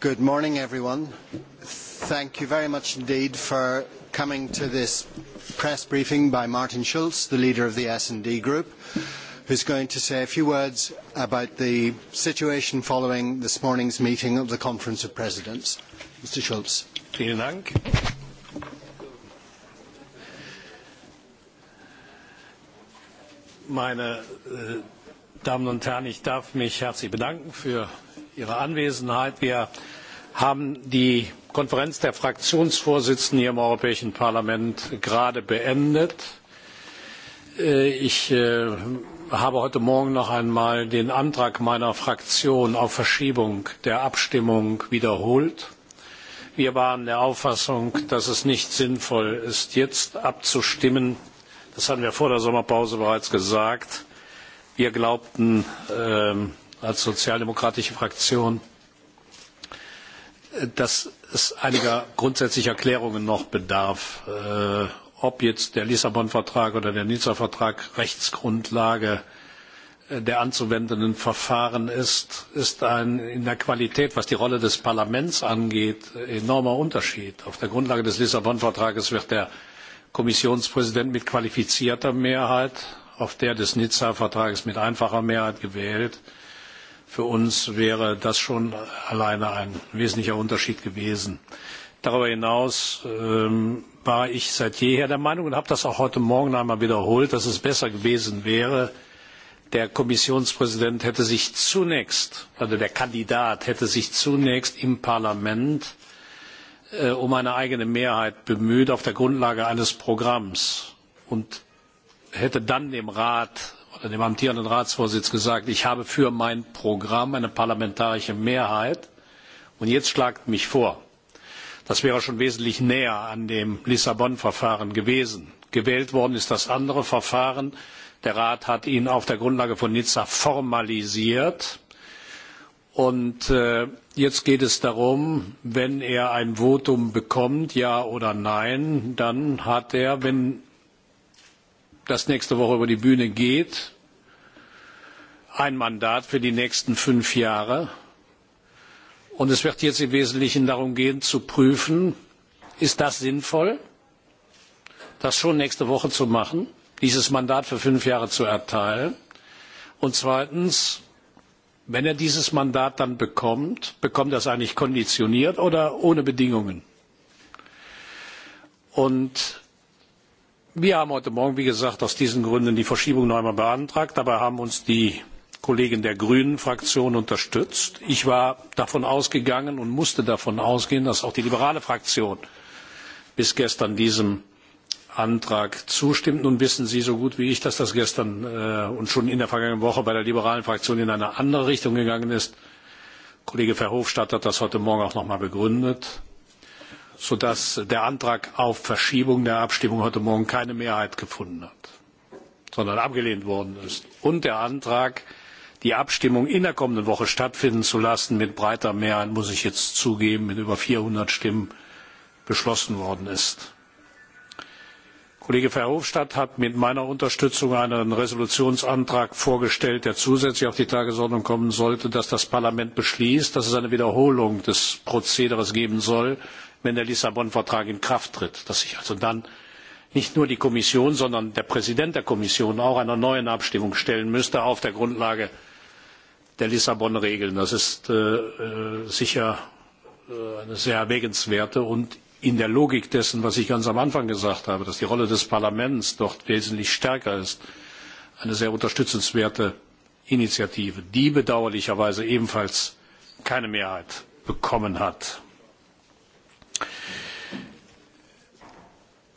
Good morning, everyone. Thank you very much indeed for coming to this press briefing by Martin Schulz, the leader of the S&D Group, who's going to say a few words about the situation following this morning's meeting of the Conference of Presidents. Mr. Schulz. Vielen Dank. Meine äh, Damen und Herren, ich darf mich herzlich bedanken für Ihre Anwesenheit. Wir haben die konferenz der fraktionsvorsitzenden hier im europäischen parlament gerade beendet. Äh, ich äh, habe heute morgen noch einmal den antrag meiner fraktion auf verschiebung der abstimmung wiederholt. wir waren der auffassung dass es nicht sinnvoll ist jetzt abzustimmen. das hatten wir vor der sommerpause bereits gesagt. wir glaubten ähm, als sozialdemokratische fraktion dass es einiger grundsätzlicher klärungen noch bedarf äh, ob jetzt der lissabon vertrag oder der nizza vertrag rechtsgrundlage äh, der anzuwendenden verfahren ist ist ein in der qualität was die rolle des parlaments angeht enormer unterschied. auf der grundlage des lissabon vertrags wird der kommissionspräsident mit qualifizierter mehrheit auf der des nizza vertrags mit einfacher mehrheit gewählt. Für uns wäre das schon alleine ein wesentlicher Unterschied gewesen. Darüber hinaus ähm, war ich seit jeher der Meinung und habe das auch heute Morgen einmal wiederholt, dass es besser gewesen wäre, der Kommissionspräsident hätte sich zunächst, also der Kandidat hätte sich zunächst im Parlament äh, um eine eigene Mehrheit bemüht auf der Grundlage eines Programms und hätte dann dem Rat oder dem amtierenden Ratsvorsitz gesagt, ich habe für mein Programm eine parlamentarische Mehrheit. Und jetzt schlagt mich vor, das wäre schon wesentlich näher an dem Lissabon-Verfahren gewesen. Gewählt worden ist das andere Verfahren. Der Rat hat ihn auf der Grundlage von Nizza formalisiert. Und äh, jetzt geht es darum, wenn er ein Votum bekommt, ja oder nein, dann hat er, wenn das nächste Woche über die Bühne geht, ein Mandat für die nächsten fünf Jahre. Und es wird jetzt im Wesentlichen darum gehen, zu prüfen, ist das sinnvoll, das schon nächste Woche zu machen, dieses Mandat für fünf Jahre zu erteilen. Und zweitens, wenn er dieses Mandat dann bekommt, bekommt er es eigentlich konditioniert oder ohne Bedingungen? Und wir haben heute morgen wie gesagt aus diesen gründen die verschiebung noch einmal beantragt. dabei haben uns die kollegen der grünen fraktion unterstützt. ich war davon ausgegangen und musste davon ausgehen dass auch die liberale fraktion bis gestern diesem antrag zustimmt. nun wissen sie so gut wie ich dass das gestern äh, und schon in der vergangenen woche bei der liberalen fraktion in eine andere richtung gegangen ist. kollege verhofstadt hat das heute morgen auch noch einmal begründet sodass der Antrag auf Verschiebung der Abstimmung heute Morgen keine Mehrheit gefunden hat, sondern abgelehnt worden ist, und der Antrag, die Abstimmung in der kommenden Woche stattfinden zu lassen, mit breiter Mehrheit, muss ich jetzt zugeben, mit über 400 Stimmen beschlossen worden ist. Kollege Verhofstadt hat mit meiner Unterstützung einen Resolutionsantrag vorgestellt, der zusätzlich auf die Tagesordnung kommen sollte, dass das Parlament beschließt, dass es eine Wiederholung des Prozederes geben soll wenn der lissabon vertrag in kraft tritt dass sich also dann nicht nur die kommission sondern der präsident der kommission auch einer neuen abstimmung stellen müsste auf der grundlage der lissabon regeln. das ist äh, äh, sicher äh, eine sehr erwägenswerte und in der logik dessen was ich ganz am anfang gesagt habe dass die rolle des parlaments dort wesentlich stärker ist eine sehr unterstützenswerte initiative die bedauerlicherweise ebenfalls keine mehrheit bekommen hat.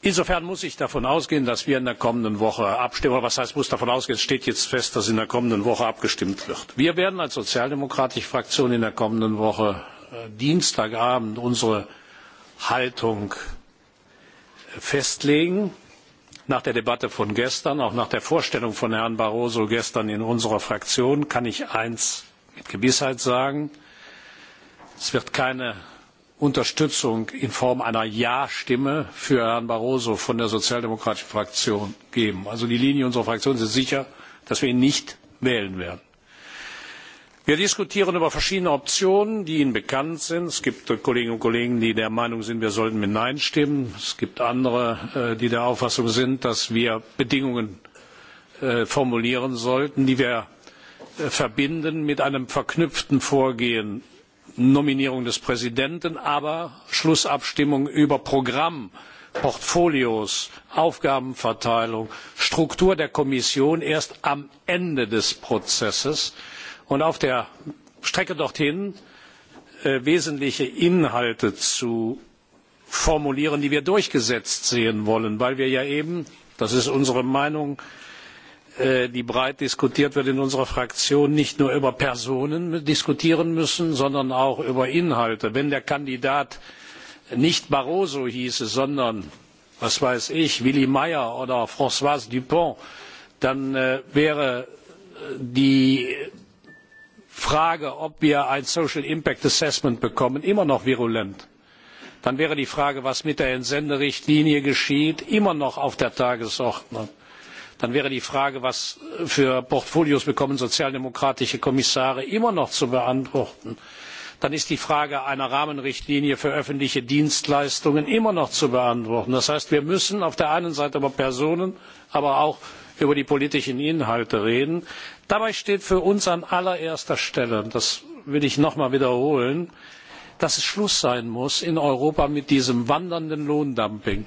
insofern muss ich davon ausgehen dass wir in der kommenden woche abstimmen oder was heißt ich muss davon ausgehen es steht jetzt fest dass in der kommenden woche abgestimmt wird. wir werden als sozialdemokratische fraktion in der kommenden woche äh, dienstagabend unsere haltung äh, festlegen nach der debatte von gestern auch nach der vorstellung von herrn barroso gestern in unserer fraktion kann ich eines mit gewissheit sagen es wird keine unterstützung in form einer ja stimme für herrn barroso von der sozialdemokratischen fraktion geben. also die linie unserer fraktion ist sicher dass wir ihn nicht wählen werden. wir diskutieren über verschiedene optionen die ihnen bekannt sind. es gibt kolleginnen und kollegen die der meinung sind wir sollten mit nein stimmen. es gibt andere äh, die der auffassung sind dass wir bedingungen äh, formulieren sollten die wir äh, mit einem verknüpften vorgehen nominierung des präsidenten aber schlussabstimmung über programm portfolios aufgabenverteilung struktur der kommission erst am ende des prozesses und auf der strecke dorthin äh, wesentliche inhalte zu formulieren die wir durchgesetzt sehen wollen weil wir ja eben das ist unsere meinung Äh, die breit diskutiert wird in unserer fraktion nicht nur über personen diskutieren müssen sondern auch über inhalte. wenn der kandidat nicht barroso hieße sondern was weiß ich willy meyer oder franoise dupont dann äh, wäre äh, die frage ob wir ein social impact assessment bekommen immer noch virulent. dann wäre die frage was mit der entsenderichtlinie geschieht immer noch auf der tagesordnung dann wäre die frage was für portfolios bekommen sozialdemokratische kommissare immer noch zu beantworten dann ist die frage einer rahmenrichtlinie für öffentliche dienstleistungen immer noch zu beantworten. das heißt wir müssen auf der einen seite über personen aber auch über die politischen inhalte reden. dabei steht für uns an allererster stelle das will ich noch einmal wiederholen dass es schluss sein muss in europa mit diesem wandernden lohndumping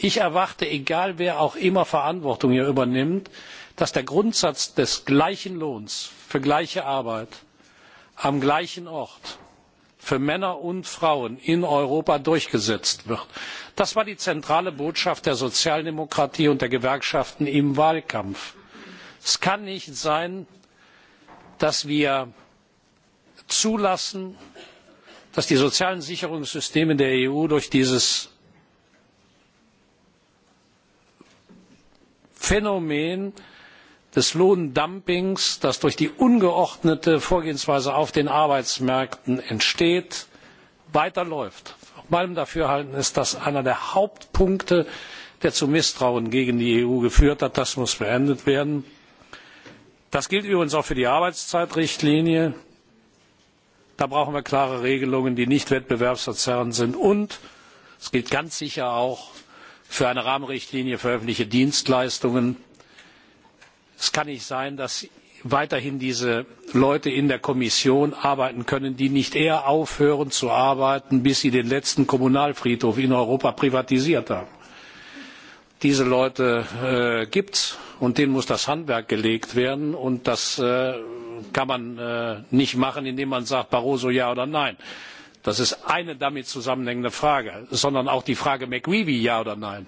ich erwarte egal wer auch immer verantwortung hier übernimmt dass der grundsatz des gleichen lohns für gleiche arbeit am gleichen ort für männer und frauen in europa durchgesetzt wird. das war die zentrale botschaft der sozialdemokratie und der gewerkschaften im wahlkampf. es kann nicht sein dass wir zulassen dass die sozialen sicherungssysteme der eu durch dieses phänomen des lohndumpings das durch die ungeordnete vorgehensweise auf den arbeitsmärkten entsteht weiterläuft. nach meinem dafürhalten ist das einer der hauptpunkte der zu misstrauen gegen die eu geführt hat. das muss beendet werden. das gilt übrigens auch für die arbeitszeitrichtlinie. da brauchen wir klare regelungen die nicht wettbewerbsverzerrend sind und es gilt ganz sicher auch für eine rahmenrichtlinie für öffentliche dienstleistungen. es kann nicht sein dass weiterhin diese leute in der kommission arbeiten können die nicht eher aufhören zu arbeiten bis sie den letzten kommunalfriedhof in europa privatisiert haben. diese leute äh, gibt es und denen muss das handwerk gelegt werden und das äh, kann man äh, nicht machen indem man sagt barroso ja oder nein das ist eine damit zusammenhängende frage sondern auch die frage mcgreevy ja oder nein.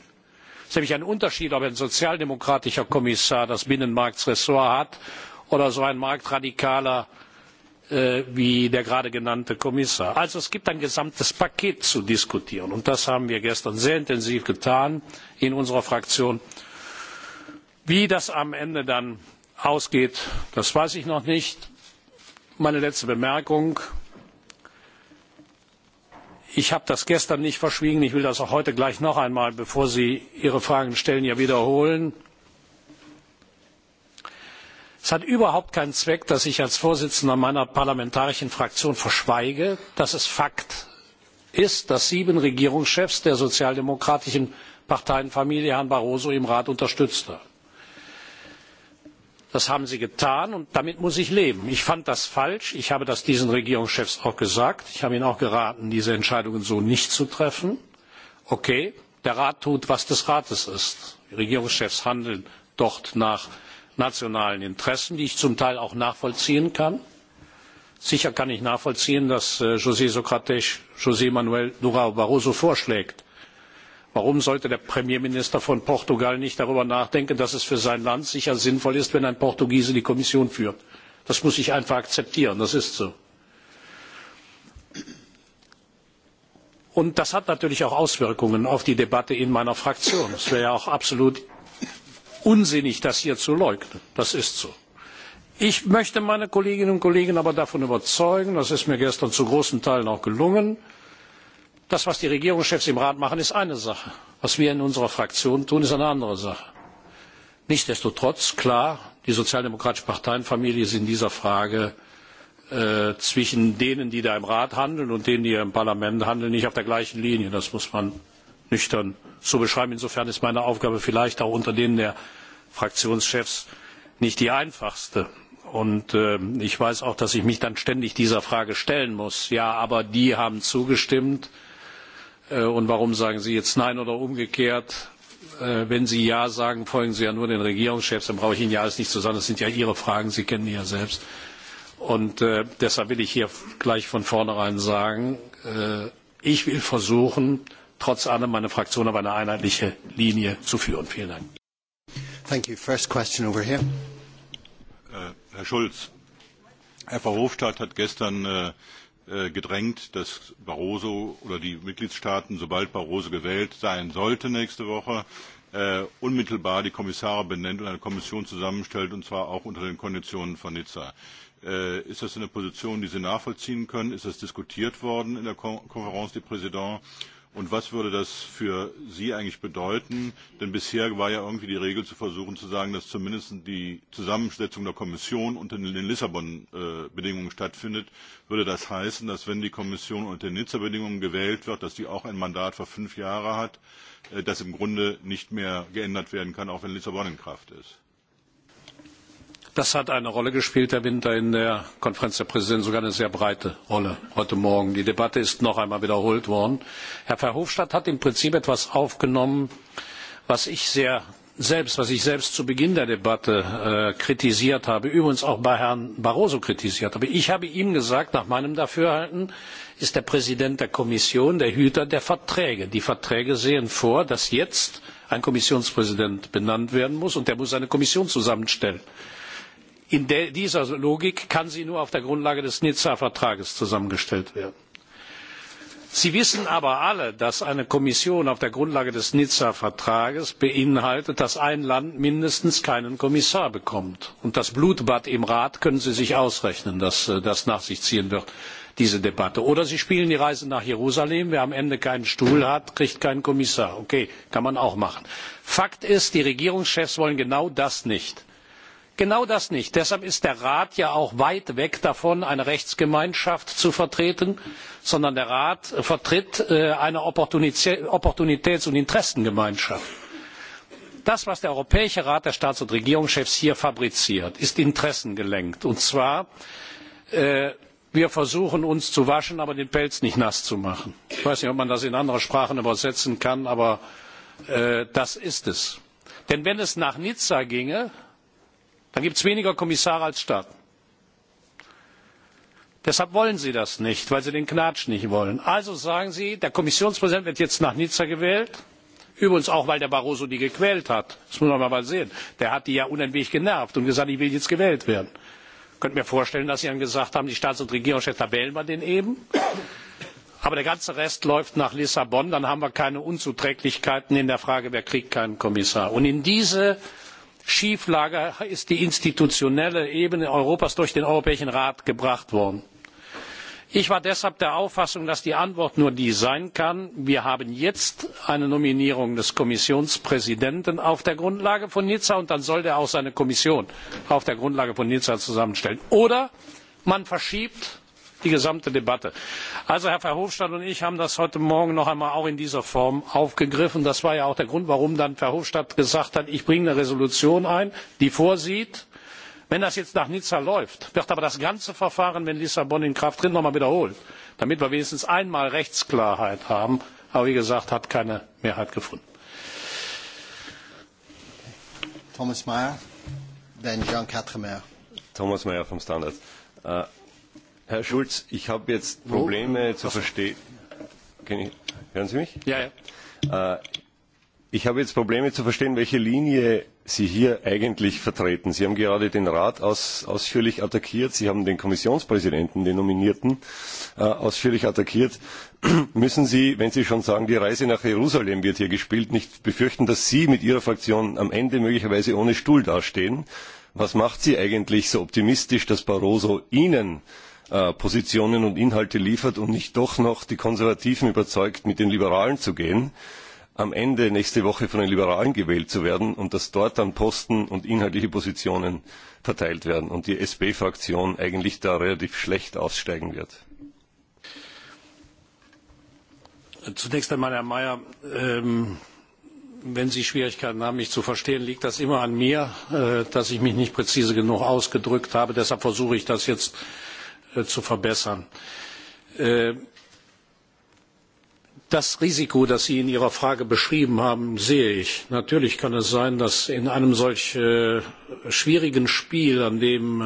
es ist nämlich ein unterschied ob ein sozialdemokratischer kommissar das binnenmarktressort hat oder so ein marktradikaler äh, wie der gerade genannte kommissar. also es gibt ein gesamtes paket zu diskutieren und das haben wir gestern sehr intensiv getan in unserer fraktion. wie das am ende dann ausgeht das weiß ich noch nicht. meine letzte bemerkung ich habe das gestern nicht verschwiegen ich will das auch heute gleich noch einmal bevor sie ihre fragen stellen hier ja wiederholen es hat überhaupt keinen zweck dass ich als vorsitzender meiner parlamentarischen fraktion verschweige dass es fakt ist dass sieben regierungschefs der sozialdemokratischen parteienfamilie herrn barroso im rat unterstützt haben das haben sie getan und damit muss ich leben. ich fand das falsch ich habe das diesen regierungschefs auch gesagt ich habe ihnen auch geraten diese entscheidungen so nicht zu treffen. okay der rat tut was des rates ist. die regierungschefs handeln dort nach nationalen interessen die ich zum teil auch nachvollziehen kann. sicher kann ich nachvollziehen dass äh, jos socrates josé manuel durao barroso vorschlägt warum sollte der premierminister von portugal nicht darüber nachdenken dass es für sein land sicher sinnvoll ist wenn ein portugiese die kommission führt? das muss ich einfach akzeptieren das ist so. das hat natürlich auch auswirkungen auf die debatte in meiner fraktion. es wäre ja auch absolut unsinnig das hier zu leugnen das ist so. ich möchte meine kolleginnen und kollegen aber davon überzeugen das ist mir gestern zu großen teilen auch gelungen das was die regierungschefs im rat machen ist eine sache was wir in unserer fraktion tun ist eine andere sache. nichtsdestotrotz klar die sozialdemokratische parteienfamilie ist in dieser frage äh, zwischen denen die da im rat handeln und denen die im parlament handeln nicht auf der gleichen linie das muss man nüchtern so beschreiben. insofern ist meine aufgabe vielleicht auch unter denen der fraktionschefs nicht die einfachste. und äh, ich weiß auch dass ich mich dann ständig dieser frage stellen muss ja aber die haben zugestimmt Äh, und warum sagen sie jetzt nein oder umgekehrt äh, wenn sie ja sagen folgen sie ja nur den regierungschefs dann brauche ich ihnen ja alles nicht zu sagen das sind ja ihre fragen sie kennen die ja selbst und äh, deshalb will ich hier gleich von vornherein sagen ich will versuchen trotz allem meine fraktion auf eine einheitliche linie zu führen vielen dank thank you first question over here herr schulz herr verhofstadt hat gestern äh, Äh, gedrängt, dass Barroso oder die Mitgliedstaaten, sobald Barroso gewählt sein sollte nächste Woche, äh, unmittelbar die Kommissare benennt und eine Kommission zusammenstellt, und zwar auch unter den Konditionen von Nizza. Äh, ist das eine Position, die Sie nachvollziehen können? Ist das diskutiert worden in der Konferenz, die Präsidenten? Und was würde das für Sie eigentlich bedeuten? Denn bisher war ja irgendwie die Regel zu versuchen zu sagen, dass zumindest die Zusammensetzung der Kommission unter den Lissabon-Bedingungen stattfindet. Würde das heißen, dass wenn die Kommission unter den Nizza-Bedingungen gewählt wird, dass die auch ein Mandat für fünf Jahre hat, äh, das im Grunde nicht mehr geändert werden kann, auch wenn Lissabon in Kraft ist? Das hat eine Rolle gespielt, Herr Winter, in der Konferenz der Präsidenten, sogar eine sehr breite Rolle heute Morgen. Die Debatte ist noch einmal wiederholt worden. Herr Verhofstadt hat im Prinzip etwas aufgenommen, was ich sehr selbst, was ich selbst zu Beginn der Debatte äh, kritisiert habe, übrigens auch bei Herrn Barroso kritisiert habe. Ich habe ihm gesagt, nach meinem Dafürhalten ist der Präsident der Kommission der Hüter der Verträge. Die Verträge sehen vor, dass jetzt ein Kommissionspräsident benannt werden muss und der muss eine Kommission zusammenstellen in dieser logik kann sie nur auf der grundlage des nizza vertrags zusammengestellt werden. sie wissen aber alle dass eine kommission auf der grundlage des nizza vertrags beinhaltet dass ein land mindestens keinen kommissar bekommt und das blutbad im rat können sie sich ausrechnen äh, das diese debatte nach sich ziehen wird. oder sie spielen die reise nach jerusalem wer am ende keinen stuhl hat kriegt keinen kommissar. okay kann man auch machen. fakt ist die regierungschefs wollen genau das nicht genau das nicht. deshalb ist der rat ja auch weit weg davon eine rechtsgemeinschaft zu vertreten sondern der rat vertritt äh, eine opportunitäts und interessengemeinschaft. das was der europäische rat der staats und regierungschefs hier fabriziert ist interessengelenkt und zwar äh, wir versuchen uns zu waschen aber den pelz nicht nass zu machen. ich weiß nicht ob man das in andere sprachen übersetzen kann aber äh, das ist es. denn wenn es nach nizza ginge da gibt es weniger kommissare als staaten. deshalb wollen sie das nicht weil sie den knatsch nicht wollen. also sagen sie der kommissionspräsident wird jetzt nach nizza gewählt übrigens auch weil der barroso die gequält hat das muss man mal sehen der hat die ja unentwegt genervt und gesagt ich will jetzt gewählt werden. ich könnte mir vorstellen dass sie dann gesagt haben die staats und regierungschefs da wählen wir den eben aber der ganze rest läuft nach lissabon dann haben wir keine unzuträglichkeiten in der frage wer kriegt keinen kommissar. und in diese schieflage ist die institutionelle ebene europas durch den europäischen rat gebracht worden. ich war deshalb der auffassung dass die antwort nur die sein kann wir haben jetzt eine nominierung des kommissionspräsidenten auf der grundlage von nizza und dann soll er auch seine kommission auf der grundlage von nizza zusammenstellen oder man verschiebt die gesamte debatte. herr verhofstadt und ich haben das heute morgen noch einmal auch in dieser form aufgegriffen. das war ja auch der grund warum dann verhofstadt gesagt hat ich bringe eine entschließung ein die vorsieht wenn das jetzt nach nizza läuft wird aber das ganze verfahren wenn lissabon in kraft tritt noch einmal wiederholt damit wir wenigstens einmal rechtsklarheit haben. aber wie gesagt das hat keine mehrheit gefunden. thomas meyer vom standard. Äh, Herr Schulz, ich habe jetzt Probleme oh. zu verstehen. Hören Sie mich? Ja, ja. Äh, ich habe jetzt Probleme zu verstehen, welche Linie Sie hier eigentlich vertreten. Sie haben gerade den Rat aus, ausführlich attackiert. Sie haben den Kommissionspräsidenten, den Nominierten, äh, ausführlich attackiert. Müssen Sie, wenn Sie schon sagen, die Reise nach Jerusalem wird hier gespielt, nicht befürchten, dass Sie mit Ihrer Fraktion am Ende möglicherweise ohne Stuhl dastehen? Was macht Sie eigentlich so optimistisch, dass Barroso Ihnen Äh, Positionen und Inhalte liefert und nicht doch noch die Konservativen überzeugt, mit den Liberalen zu gehen, am Ende nächste Woche von den Liberalen gewählt zu werden und dass dort dann Posten und inhaltliche Positionen verteilt werden und die SP-Fraktion eigentlich da relativ schlecht aussteigen wird. Zunächst einmal, Herr Mayer, ähm, wenn Sie Schwierigkeiten haben, mich zu verstehen, liegt das immer an mir, äh, dass ich mich nicht präzise genug ausgedrückt habe. Deshalb versuche ich das jetzt Äh, zu verbessern. Äh, das risiko das sie in ihrer frage beschrieben haben sehe ich. natürlich kann es sein dass in einem solch äh, schwierigen spiel an dem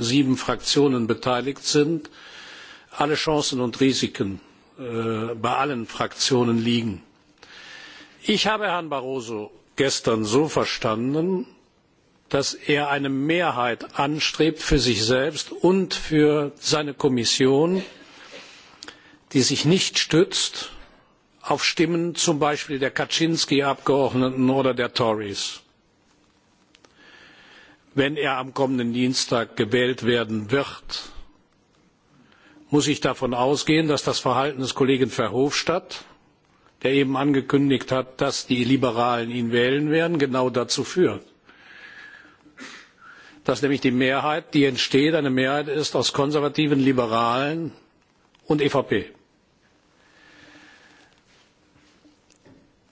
sieben fraktionen beteiligt sind alle chancen und risiken bei allen fraktionen liegen. ich habe herrn barroso gestern so verstanden dass er eine mehrheit anstrebt für sich selbst und für seine kommission die sich nicht stützt auf stimmen zum beispiel der kaczyski abgeordneten oder der tories. wenn er am kommenden dienstag gewählt werden wird muss ich davon ausgehen dass das verhalten des kollegen verhofstadt der eben angekündigt hat dass die liberalen ihn wählen werden genau dazu führt dass nämlich die mehrheit die entsteht eine mehrheit ist aus konservativen liberalen und evp.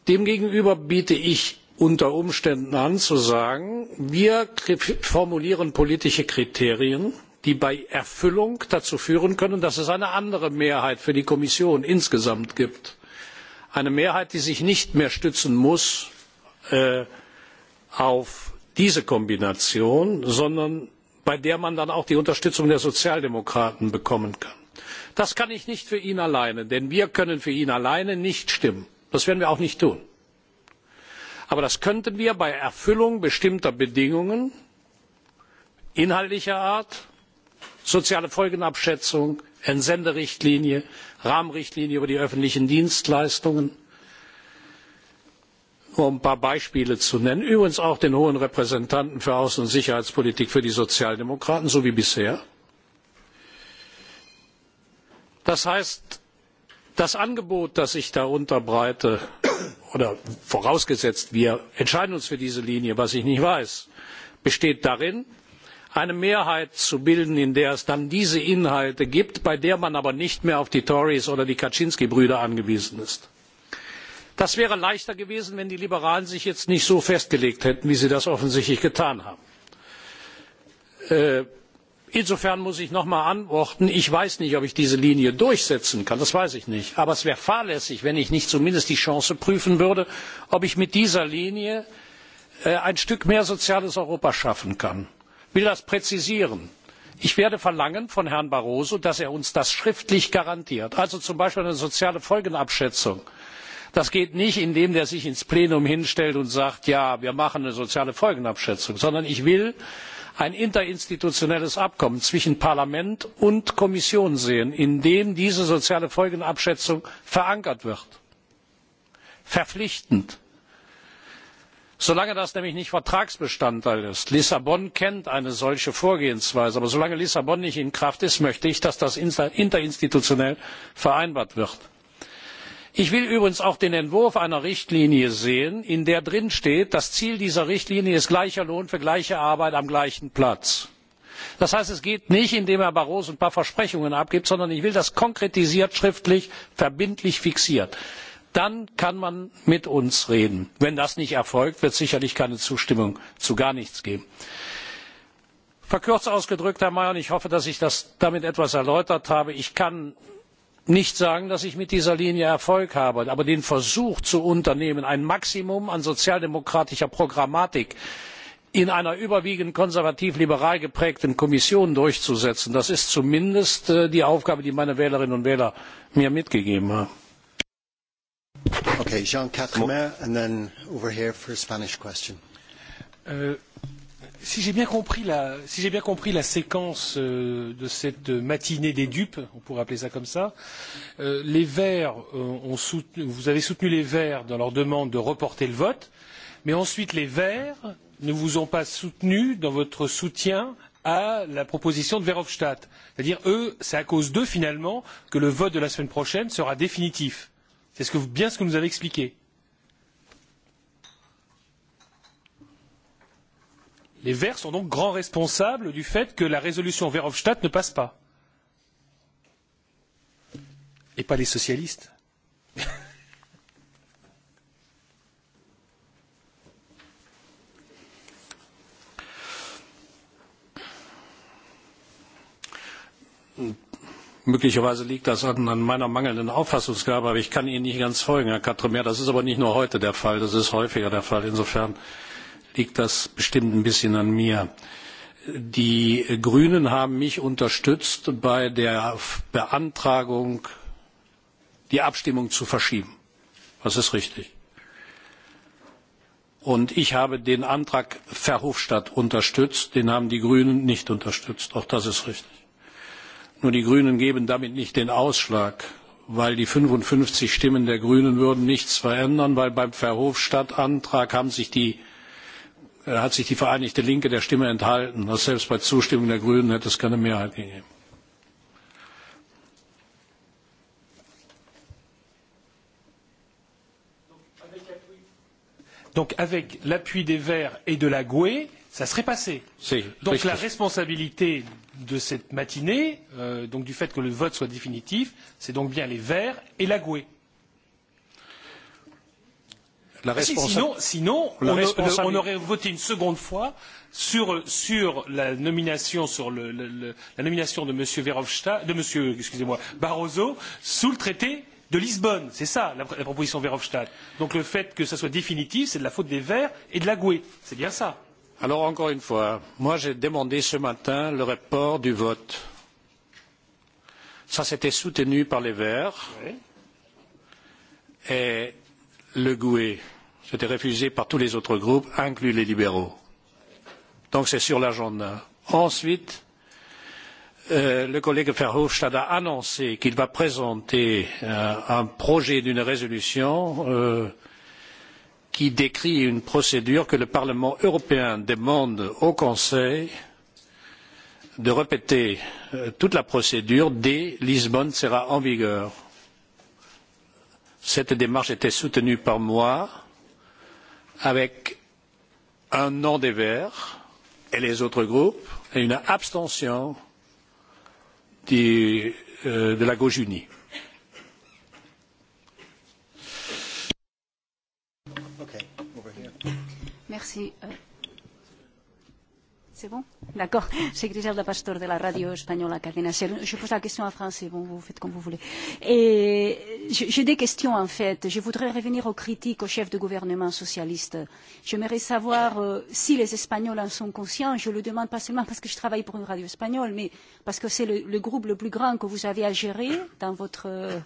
demgegenüber biete ich unter umständen an zu sagen wir formulieren politische kriterien die bei erfüllung dazu führen können dass es eine andere mehrheit für die kommission insgesamt gibt eine mehrheit die sich nicht mehr stützen muss äh, auf diese kombination sondern bei der man dann auch die unterstützung der sozialdemokraten bekommen kann. das kann ich nicht für ihn alleine denn wir können für ihn alleine nicht stimmen das werden wir auch nicht tun. aber das könnten wir bei erfüllung bestimmter bedingungen inhaltlicher art soziale folgenabschätzung entsenderichtlinie rahmenrichtlinie über die öffentlichen dienstleistungen um ein paar beispiele zu nennen übrigens auch den hohen repräsentanten für außen und sicherheitspolitik für die sozialdemokraten so wie bisher das heißt das angebot das ich da unterbreite oder vorausgesetzt wir entscheiden uns für diese linie was ich nicht weiß besteht darin eine mehrheit zu bilden in der es dann diese inhalte gibt bei der man aber nicht mehr auf die tories oder die kaczyski brüder angewiesen ist das wäre leichter gewesen wenn die liberalen sich jetzt nicht so festgelegt hätten wie sie das offensichtlich getan haben. Äh, insofern muss ich noch einmal antworten ich weiß nicht ob ich diese linie durchsetzen kann das weiß ich nicht aber es wäre fahrlässig wenn ich nicht zumindest die chance prüfen würde ob ich mit dieser linie äh, ein stück mehr soziales europa schaffen kann. ich will das präzisieren ich werde von herrn barroso verlangen dass er uns das schriftlich garantiert also zum beispiel eine soziale folgenabschätzung das geht nicht indem er sich ins plenum hinstellt und sagt ja wir machen eine soziale folgenabschätzung sondern ich will ein interinstitutionelles abkommen zwischen parlament und kommission sehen in dem diese soziale folgenabschätzung verankert wird verpflichtend. solange das nämlich nicht vertragsbestandteil ist lissabon kennt eine solche vorgehensweise aber solange lissabon nicht in kraft ist möchte ich dass das interinstitutionell vereinbart wird ich will übrigens auch den entwurf einer richtlinie sehen in der steht das ziel dieser richtlinie ist gleicher lohn für gleiche arbeit am gleichen platz. das heißt es geht nicht indem herr barroso ein paar versprechungen abgibt sondern ich will das konkretisiert schriftlich verbindlich fixiert. dann kann man mit uns reden. wenn das nicht erfolgt wird es sicherlich keine zustimmung zu gar nichts geben. verkürzt ausgedrückt herr mayer und ich hoffe dass ich das damit etwas erläutert habe ich kann nicht sagen dass ich mit dieser linie erfolg habe aber den versuch zu unternehmen ein maximum an sozialdemokratischer programmatik in einer überwiegend konservativ liberal geprägten kommission durchzusetzen das ist zumindest äh, die aufgabe die meine wählerinnen und wähler mir mitgegeben haben. Si j'ai bien compris la, si j'ai bien compris la séquence euh, de cette matinée des dupes, on pourrait appeler ça comme ça, euh, les Verts euh, ont soutenu, vous avez soutenu les Verts dans leur demande de reporter le vote, mais ensuite les Verts ne vous ont pas soutenu dans votre soutien à la proposition de Verhofstadt. C'est-à-dire, eux, c'est à cause d'eux finalement que le vote de la semaine prochaine sera définitif. C'est ce bien ce que vous avez expliqué. Les Verts sont donc grands responsables du fait que la résolution Verhofstadt ne passe pas. Et pas les socialistes. Möglicherweise liegt das an, an meiner mangelnden Auffassungsgabe, aber ich kann Ihnen nicht ganz folgen, Herr Katremer. Das ist aber nicht nur heute der Fall, das ist häufiger der Fall. Insofern liegt das bestimmt ein bisschen an mir. Die Grünen haben mich unterstützt bei der Beantragung, die Abstimmung zu verschieben. Das ist richtig. Und ich habe den Antrag Verhofstadt unterstützt, den haben die Grünen nicht unterstützt. Auch das ist richtig. Nur die Grünen geben damit nicht den Ausschlag, weil die 55 Stimmen der Grünen würden nichts verändern, weil beim Verhofstadt-Antrag haben sich die Äh, hat sich die Vereinigte Linke der Stimme enthalten. Das selbst bei Zustimmung der Grünen hätte es keine Mehrheit gegeben. Donc avec l'appui des Verts et de la GUE, ça serait passé. Si, donc richtig. la responsabilité de cette matinée, euh, donc du fait que le vote soit définitif, c'est donc bien les Verts et la GUE la ah responsable... Sinon, sinon la on, responsable... on aurait voté une seconde fois sur, sur la nomination sur le, le, le, la nomination de Monsieur Verhofstadt, de Monsieur excusez-moi Barroso sous le traité de Lisbonne. C'est ça la, la proposition Verhofstadt. Donc le fait que ça soit définitif, c'est de la faute des Verts et de la GUE. C'est bien ça. Alors encore une fois, moi j'ai demandé ce matin le report du vote. Ça c'était soutenu par les Verts. Ouais. Et le GUE. C'était refusé par tous les autres groupes, inclus les libéraux. Donc c'est sur l'agenda. Ensuite, euh, le collègue Verhofstadt a annoncé qu'il va présenter euh, un projet d'une résolution euh, qui décrit une procédure que le Parlement européen demande au Conseil de répéter euh, toute la procédure dès Lisbonne sera en vigueur cette démarche était soutenue par moi avec un nom des verts et les autres groupes et une abstention euh, de la gauche unie. merci. Euh, C'est bon D'accord. C'est Griselda Pastor de la radio espagnole Cadena Ser. Je pose la question en français, bon, vous faites comme vous voulez. Et j'ai des questions en fait. Je voudrais revenir aux critiques au chef de gouvernement socialiste. J'aimerais savoir euh, si les Espagnols en sont conscients. Je le demande pas seulement parce que je travaille pour une radio espagnole, mais parce que c'est le, le groupe le plus grand que vous avez à gérer dans votre... Euh,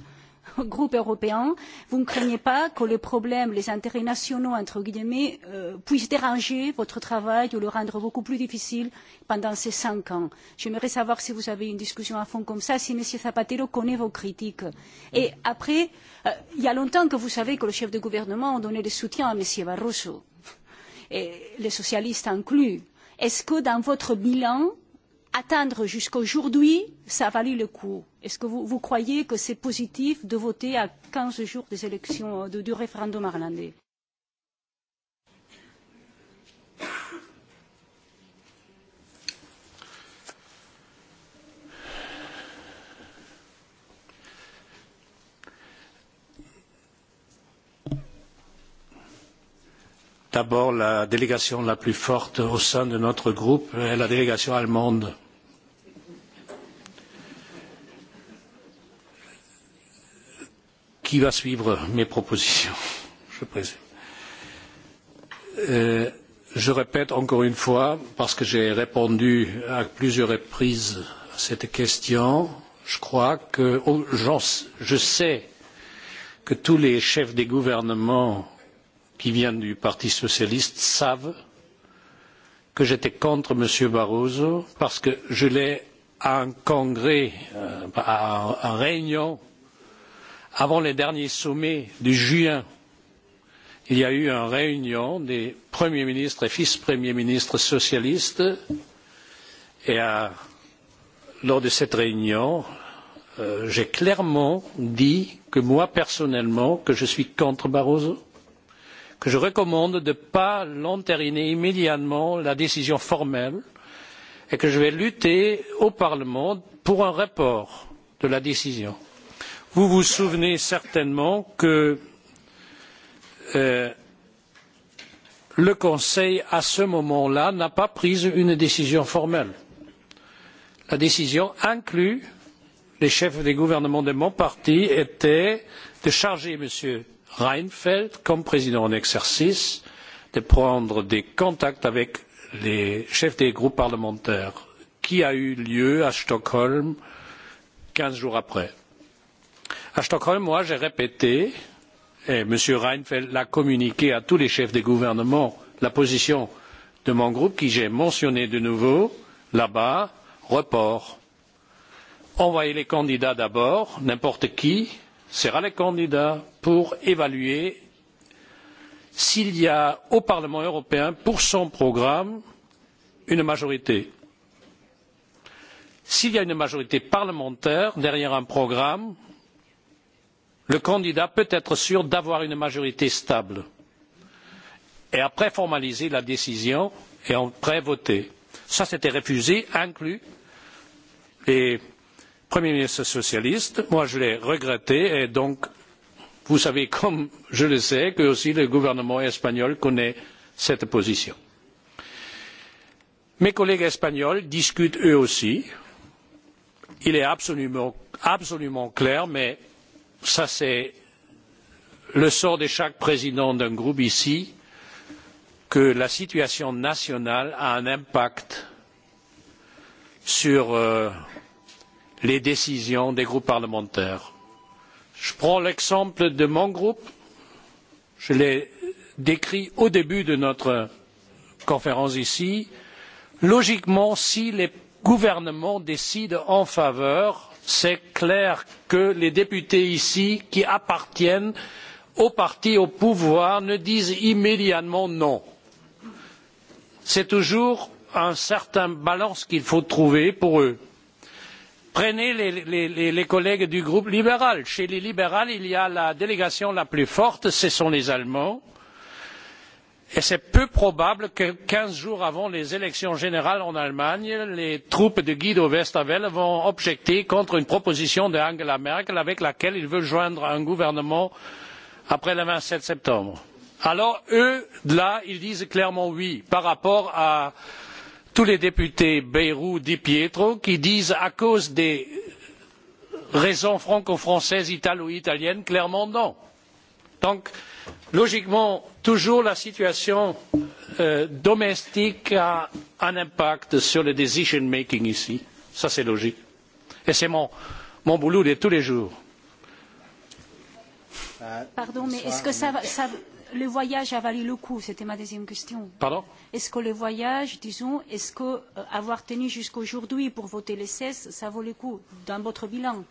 groupe européen, vous ne craignez pas que les problèmes, les intérêts nationaux, entre guillemets, euh, puissent déranger votre travail ou le rendre beaucoup plus difficile pendant ces cinq ans. J'aimerais savoir si vous avez une discussion à fond comme ça, si M. Zapatero connaît vos critiques. Et après, euh, il euh, y a longtemps que vous savez que le chef de gouvernement a donné le soutien à M. Barroso, et les socialistes inclus. Est-ce que dans votre bilan, attendre jusqu'à aujourd'hui, ça a valu le coup Est-ce que vous, vous croyez que c'est positif de voter à 15 jours des élections de, du référendum irlandais D'abord, la délégation la plus forte au sein de notre groupe est la délégation allemande. qui va suivre mes propositions je présume. Euh, je répète encore une fois, parce que j'ai répondu à plusieurs reprises à cette question, je crois que oh, je sais que tous les chefs des gouvernements qui viennent du Parti socialiste savent que j'étais contre M. Barroso parce que je l'ai à un congrès, euh, à une réunion avant les derniers sommets de juin il y a eu une réunion des premiers ministres et vice premiers ministres socialistes et euh, lors de cette réunion euh, j'ai clairement dit que moi personnellement je suis contre barroso que je recommande de ne pas entériner immédiatement la décision formelle et que je vais lutter au parlement pour un report de la décision vous vous souvenez certainement que euh, le conseil à ce moment là n'a pas pris une décision formelle. la décision inclut les chefs des gouvernements de mon parti était de charger m. reinfeldt comme président en exercice de prendre des contacts avec les chefs des groupes parlementaires qui a eu lieu à stockholm quinze jours après à Stockholm, moi, j'ai répété, et M. Reinfeldt l'a communiqué à tous les chefs des gouvernements, la position de mon groupe, qui j'ai mentionné de nouveau là-bas, report. Envoyez les candidats d'abord, n'importe qui sera les candidats pour évaluer s'il y a au Parlement européen, pour son programme, une majorité. S'il y a une majorité parlementaire derrière un programme, le candidat peut être sûr d'avoir une majorité stable et après formaliser la décision et après voter. Ça, c'était refusé, inclus les premiers ministres socialistes. Moi, je l'ai regretté et donc, vous savez, comme je le sais, que aussi le gouvernement espagnol connaît cette position. Mes collègues espagnols discutent eux aussi. Il est absolument, absolument clair, mais cela c'est le sort de chaque président d'un groupe ici que la situation nationale a un impact sur euh, les décisions des groupes parlementaires. je prends l'exemple de mon groupe je l'ai décrit au début de notre conférence ici logiquement si les gouvernements décident en faveur c'est clair que les députés ici qui appartiennent au parti au pouvoir ne disent immédiatement non. c'est toujours un certain équilibre qu'il faut trouver pour eux. prenez les collègues du groupe libéral chez les libéraux il y a la délégation la plus forte ce sont les allemands et c'est peu probable que quinze jours avant les élections générales en allemagne les troupes de guido westerwelle vont objecter contre une proposition d'angela merkel avec laquelle il veut joindre un gouvernement après le vingt sept septembre. alors eux là ils disent clairement oui par rapport à tous les députés bayrou di pietro qui disent à cause des raisons franco françaises italo italiennes clairement non. donc logiquement toujours la situation euh, domestique a un impact sur le decision making ici ça c'est logique et c'est mon mon boulot de tous les jours. Euh, Pardon, mais est-ce que ça, ça, le voyage a valu le coup C'était ma deuxième question. Pardon Est-ce que le voyage, disons, est-ce que euh, avoir tenu jusqu'aujourd'hui pour voter les 16, ça vaut le coup dans votre bilan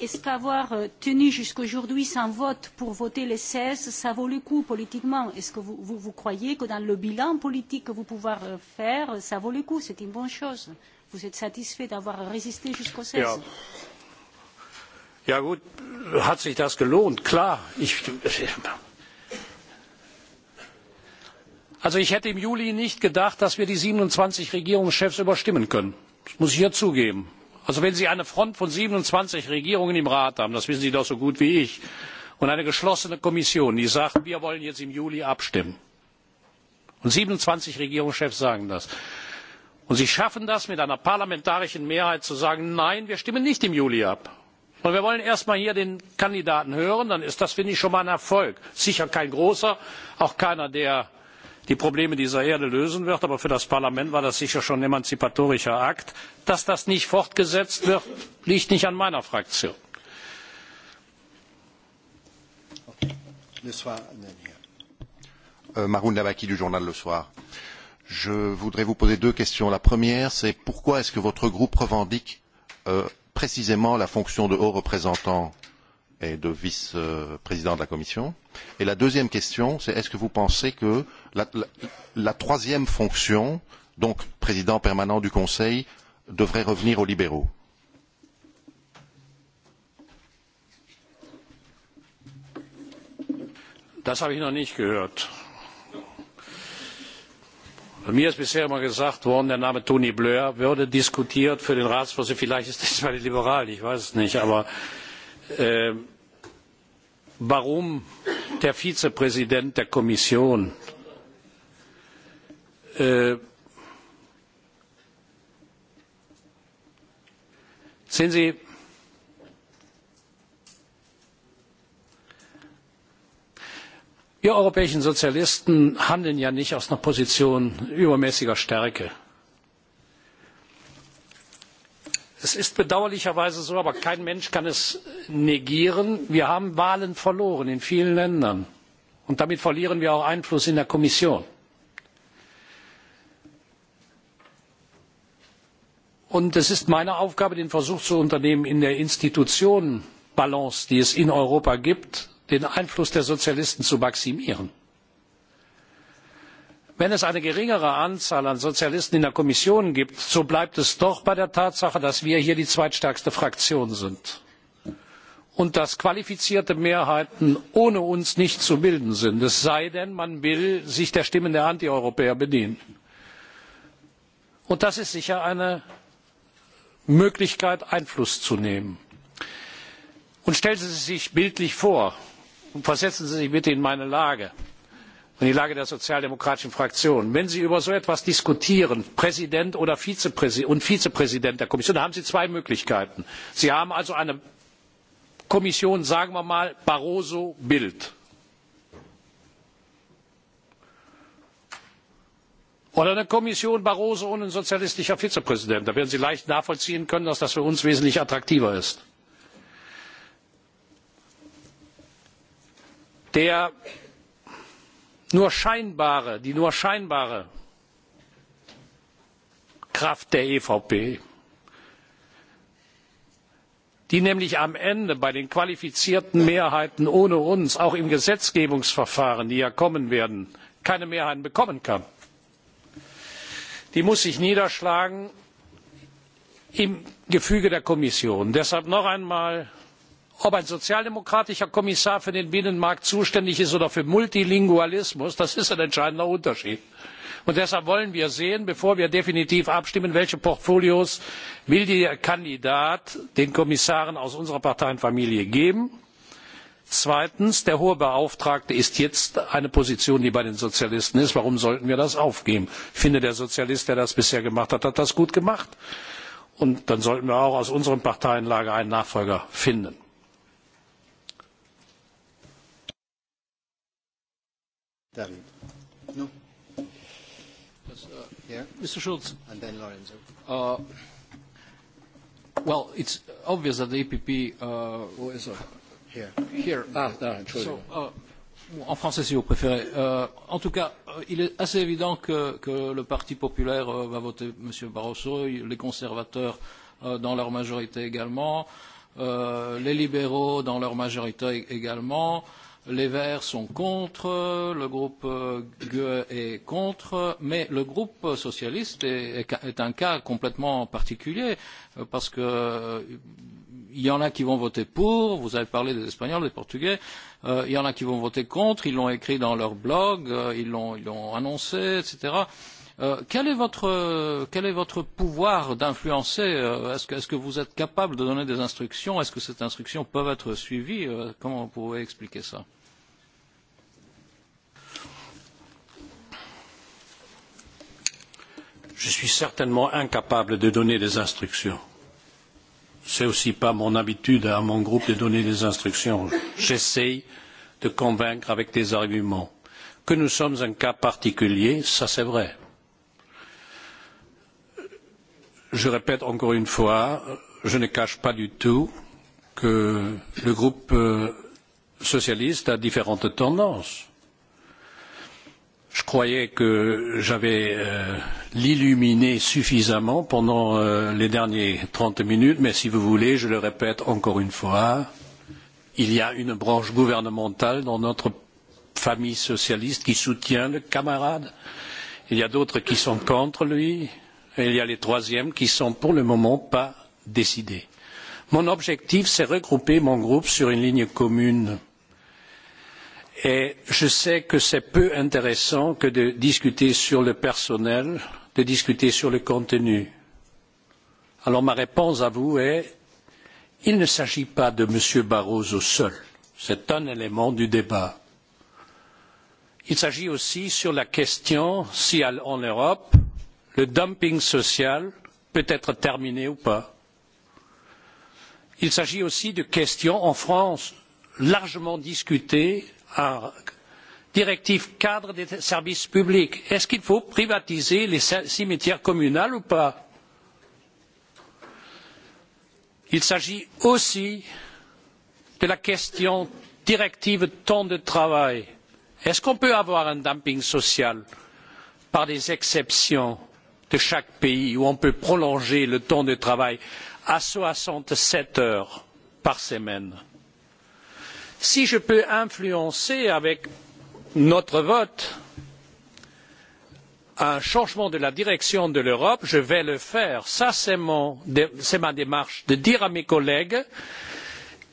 Est-ce qu'avoir euh, tenu jusqu'à aujourd'hui sans vote pour voter les 16, ça vaut le coup politiquement Est-ce que vous, vous, vous croyez que dans le bilan politique que vous pouvez euh, faire, ça vaut le coup C'est une bonne chose. Vous êtes satisfait d'avoir résisté jusqu'au 16 ja. Ja gut, hat sich das gelohnt? Klar. Ich, also ich hätte im Juli nicht gedacht, dass wir die 27 Regierungschefs überstimmen können. Das muss ich hier zugeben also wenn sie eine front von siebenundzwanzig regierungen im rat haben das wissen sie doch so gut wie ich und eine geschlossene kommission die sagt wir wollen jetzt im juli abstimmen und siebenundzwanzig regierungschefs sagen das und sie schaffen das mit einer parlamentarischen mehrheit zu sagen nein wir stimmen nicht im juli ab sondern wir wollen erst einmal hier den kandidaten hören dann ist das finde ich schon mal ein erfolg sicher kein großer auch keiner der die probleme dieser erde lösen wird aber für das parlament war das sicher schon ein emanzipatorischer akt. dass das nicht fortgesetzt wird liegt nicht an meiner fraktion. Euh, maroun labaki du journal le soir je voudrais vous poser deux questions. la première c'est pourquoi est ce que votre groupe revendique euh, précisément la fonction de haut représentant et de vice-président de la Commission. Et la deuxième question, c'est est-ce que vous pensez que la, la, la troisième fonction, donc président permanent du Conseil, devrait revenir aux libéraux Das habe ich noch nicht gehört. Mir ist bisher immer gesagt worden, der Name Tony Blair würde diskutiert für den Ratsvorsitz. Vielleicht ist das bei den Liberalen, ich weiß es nicht. Aber äh, warum der vizepräsident der kommission äh, sehen sie wir europäischen sozialisten handeln ja nicht aus einer position übermäßiger stärke es ist bedauerlicherweise so aber kein mensch kann es negieren wir haben wahlen verloren in vielen ländern und damit verlieren wir auch einfluss in der kommission. und es ist meine aufgabe den versuch zu unternehmen in der institutionenbalance die es in europa gibt den einfluss der sozialisten zu maximieren wenn es eine geringere anzahl an sozialisten in der kommission gibt so bleibt es doch bei der tatsache dass wir hier die zweitstärkste fraktion sind und dass qualifizierte mehrheiten ohne uns nicht zu bilden sind es sei denn man will sich der stimmen der antieuropäer bedienen. und das ist sicher eine möglichkeit einfluss zu nehmen. und stellen sie sich bildlich vor versetzen sie sich bitte in meine lage und die lage der sozialdemokratischen fraktion wenn sie über so etwas diskutieren präsident und vizepräsident der kommission haben sie zwei möglichkeiten sie haben also eine kommission sagen wir mal barroso bild oder eine kommission barroso und ein sozialistischer vizepräsident. da werden sie leicht nachvollziehen können dass das für uns wesentlich attraktiver ist. der nur scheinbare kraft der evp die nämlich am ende bei den qualifizierten mehrheiten ohne uns auch im gesetzgebungsverfahren die ja kommen werden keine mehrheiten bekommen kann die muss sich niederschlagen im gefüge der kommission. deshalb noch einmal ob ein sozialdemokratischer kommissar für den binnenmarkt zuständig ist oder für multilingualismus das ist ein entscheidender unterschied. deshalb wollen wir sehen bevor wir definitiv abstimmen welche portfolios der kandidat den kommissaren aus unserer parteienfamilie geben will. zweitens der hohe beauftragte ist jetzt eine position die bei den sozialisten ist. warum sollten wir das aufgeben? ich finde der sozialist der das bisher gemacht hat hat das gut gemacht. dann sollten wir auch aus unserem parteienlager einen nachfolger finden. David. No. Yes, uh, yeah. Mr. Schulz. And then Lorenzo. Uh, well, it's obvious that the EPP... Uh, Where oh, is it? Uh, here. Here. Ah, no, I'm sorry. So, uh, en français, si vous préférez. Euh, en tout cas, euh, il est assez évident que, que le Parti populaire euh, va voter M. Barroso, les conservateurs euh, dans leur majorité également, euh, les libéraux dans leur majorité également. Euh, les Verts sont contre, le groupe euh, GUE est contre, mais le groupe socialiste est, est, est un cas complètement particulier euh, parce que euh, il y en a qui vont voter pour, vous avez parlé des Espagnols, des Portugais, euh, il y en a qui vont voter contre, ils l'ont écrit dans leur blog, euh, ils l'ont annoncé, etc. Euh, quel, est votre, quel est votre pouvoir d'influencer euh, Est-ce que, est que vous êtes capable de donner des instructions Est-ce que ces instructions peuvent être suivies euh, Comment vous pouvez expliquer ça je suis certainement incapable de donner des instructions. C'est aussi pas mon habitude à mon groupe de donner des instructions. J'essaye de convaincre avec des arguments. Que nous sommes un cas particulier, ça c'est vrai. Je répète encore une fois, je ne cache pas du tout que le groupe euh, socialiste a différentes tendances je croyais que j'avais euh, l'illuminé suffisamment pendant euh, les dernières 30 minutes, mais si vous voulez, je le répète encore une fois, il y a une branche gouvernementale dans notre famille socialiste qui soutient le camarade. Il y a d'autres qui sont contre lui et il y a les troisièmes qui sont pour le moment pas décidés. Mon objectif, c'est regrouper mon groupe sur une ligne commune et je sais que c'est peu intéressant que de discuter sur le personnel de discuter sur le contenu. alors ma réponse à vous est il ne s'agit pas de m. barroso seul c'est un élément du débat. il s'agit aussi sur la question si en europe le dumping social peut être terminé ou pas. il s'agit aussi de questions en france largement discutées directive cadre des services publics est ce qu'il faut privatiser les cimetières communaux ou pas? il s'agit aussi de la question de la directive temps de travail est ce qu'on peut avoir un dumping social par des exceptions de chaque pays où on peut prolonger le temps de travail à soixante sept heures par semaine? si je peux influencer avec notre vote un changement de la direction de l'europe je vais le faire. c'est ma démarche de dire à mes collègues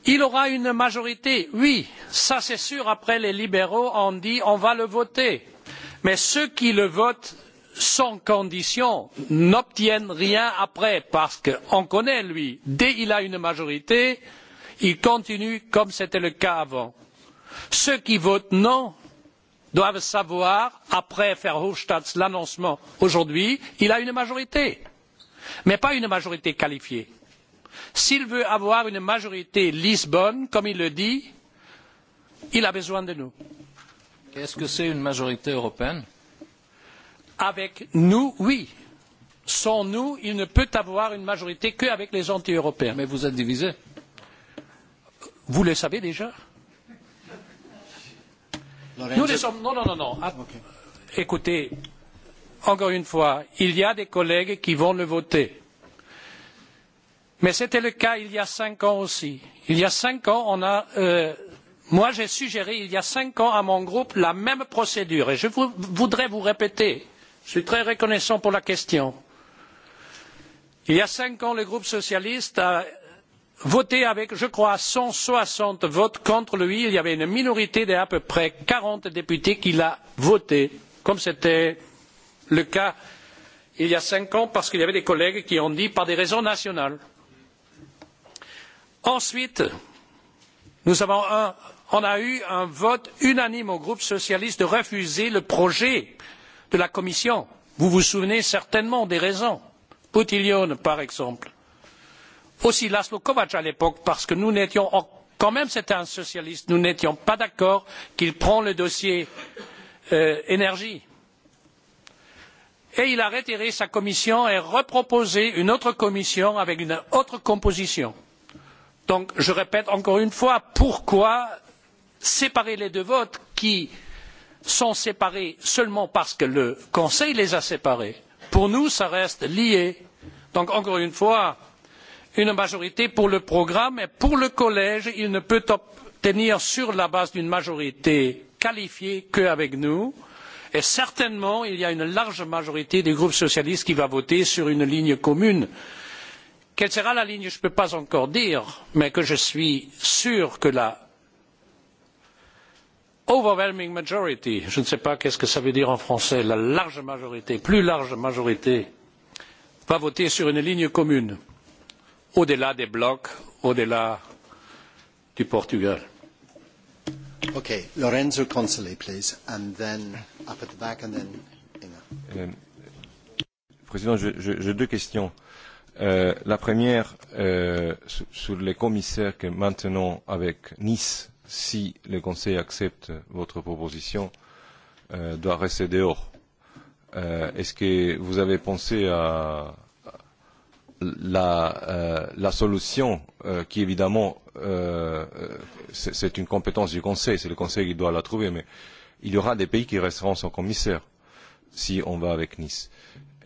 il aura une majorité oui ça c'est sûr après les libéraux ont dit on va le voter mais ceux qui le votent sans condition n'obtiennent rien après parce qu'on connaît lui dès qu'il a une majorité il il continue comme c'était le cas avant. ceux qui votent non doivent savoir après faire hochstadt l'annoncement aujourd'hui il a une majorité mais pas une majorité qualifiée. s'il veut avoir une majorité lisbonne comme il le dit il a besoin de nous. est ce que c'est une majorité européenne? avec nous oui. sans nous il ne peut avoir une majorité qu'avec les anti européens. mais vous êtes divisés vous le savez déjà Nous les sommes. Non, non, non, non. Okay. Écoutez, encore une fois, il y a des collègues qui vont le voter. Mais c'était le cas il y a cinq ans aussi. Il y a cinq ans, on a. Euh, moi, j'ai suggéré il y a cinq ans à mon groupe la même procédure. Et je vous, voudrais vous répéter. Je suis très reconnaissant pour la question. Il y a cinq ans, le groupe socialiste a voté avec je crois cent soixante votes contre lui il y avait une minorité d'à peu près quarante députés qui l'a voté comme c'était le cas il y a cinq ans parce qu'il y avait des collègues qui ont dit pour des raisons nationales. ensuite nous avons un, on a eu un vote unanime au groupe socialiste de refuser le projet de la commission. vous vous souvenez certainement des raisons. buttiglione par exemple aussi lszló kovcs à l'époque parce que nous n'étions quand même c'était un socialiste nous n'étions pas d'accord qu'il prenne le dossier euh, énergie et il a retiré sa commission et reproposé une autre commission avec une autre composition. donc je répète encore une fois pourquoi séparer les deux votes qui sont séparés seulement parce que le conseil les a séparés? pour nous cela reste lié. donc encore une fois une majorité pour le programme mais pour le collège il ne peut obtenir sur la base d'une majorité qualifiée qu'avec nous et certainement il y a une large majorité du groupe socialiste qui va voter sur une ligne commune. quelle sera la ligne je ne peux pas encore dire mais je suis sûr que la overwhelming majority je ne sais pas ce que cela veut dire en français la large majorité plus large majorité va voter sur une ligne commune au delà des blocs au delà du portugal. okay, lorenzo consoli, please, and then up at the back and then. Euh, Président, j'ai deux questions. Euh, la première, euh, sur les commissaires que maintenant avec Nice, si le Conseil accepte votre proposition, euh, doit rester dehors. Euh, Est-ce que vous avez pensé à, la, euh, la solution euh, qui évidemment euh, c'est une compétence du Conseil, c'est le Conseil qui doit la trouver, mais il y aura des pays qui resteront sans commissaire si on va avec Nice.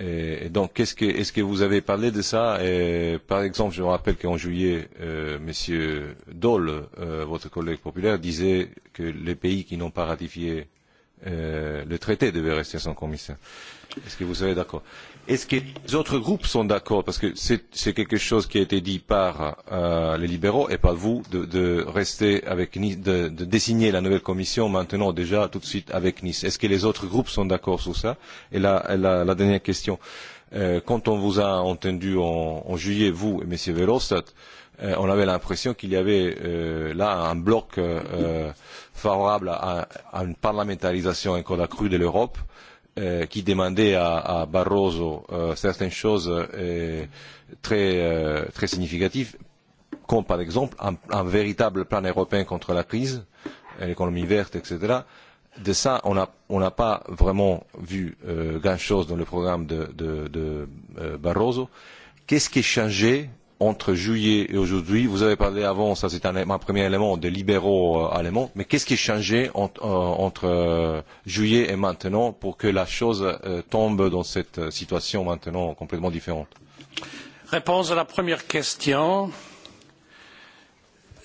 Et, et donc qu est-ce que, est que vous avez parlé de ça et, Par exemple, je me rappelle qu'en juillet, euh, Monsieur Dole, euh, votre collègue populaire, disait que les pays qui n'ont pas ratifié euh, le traité devaient rester sans commissaire. Est-ce que vous serez d'accord Est-ce que les autres groupes sont d'accord Parce que c'est quelque chose qui a été dit par euh, les libéraux et par vous de, de rester avec Nice, de, de désigner la nouvelle commission maintenant déjà tout de suite avec Nice. Est-ce que les autres groupes sont d'accord sur ça Et la, la, la dernière question. Euh, quand on vous a entendu en, en juillet, vous et M. Verhofstadt, euh, on avait l'impression qu'il y avait euh, là un bloc euh, euh favorable à, à une parlementarisation encore accrue de l'Europe euh, qui demandait à, à Barroso euh, certaines choses euh, très, euh, très significatives, comme par exemple un, un véritable plan européen contre la crise, euh, l'économie verte, etc. De ça, on n'a on pas vraiment vu euh, grand-chose dans le programme de, de, de euh, Barroso. Qu'est-ce qui est changé entre juillet et aujourd'hui Vous avez parlé avant, ça c'est un, un premier élément, des libéraux euh, allemands. Mais qu'est-ce qui a changé en, euh, entre euh, juillet et maintenant pour que la chose euh, tombe dans cette euh, situation maintenant complètement différente Réponse à la première question.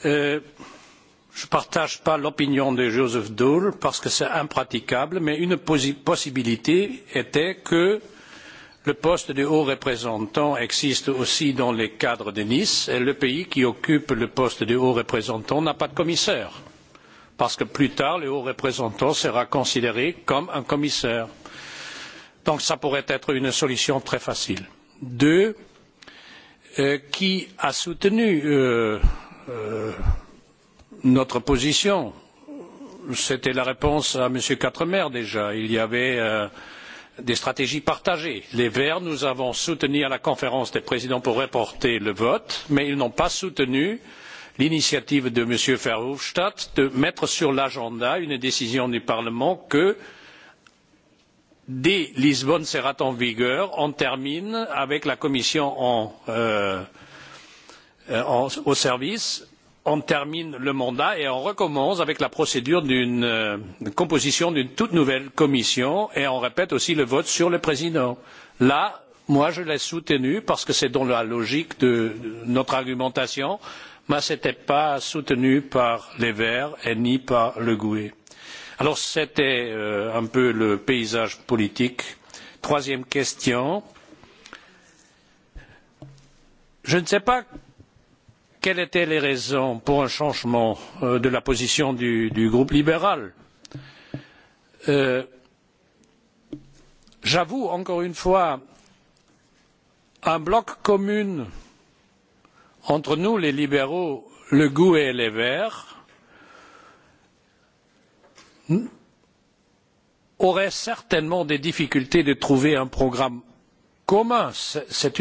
Euh, je ne partage pas l'opinion de Joseph Dole parce que c'est impraticable, mais une possibilité était que euh, Le poste du haut représentant existe aussi dans les cadres de Nice. Et le pays qui occupe le poste du haut représentant n'a pas de commissaire, parce que plus tard, le haut représentant sera considéré comme un commissaire. Donc ça pourrait être une solution très facile. Deux, euh, qui a soutenu euh, euh, notre position C'était la réponse à M. Quatremer déjà. Il y avait. Euh, des stratégies partagées. Les Verts, nous avons soutenu à la conférence des présidents pour reporter le vote, mais ils n'ont pas soutenu l'initiative de M. Verhofstadt de mettre sur l'agenda une décision du Parlement que, dès Lisbonne sera en vigueur, on termine avec la Commission en, euh, euh en, au service on termine le mandat et on recommence avec la procédure d'une euh, composition d'une toute nouvelle commission et on répète aussi le vote sur le président. là moi je l'ai soutenu parce que c'est dans la logique de notre argumentation mais ce n'était pas soutenu par les verts et ni par le gue. alors c'était euh, un peu le paysage politique. troisième question je ne sais pas quelles étaient les raisons pour un changement euh, de la position du groupe libéral? Euh, j'avoue encore une fois un bloc commun entre nous les libéraux le gue et les verts aurait certainement des difficultés à trouver un programme commun c'est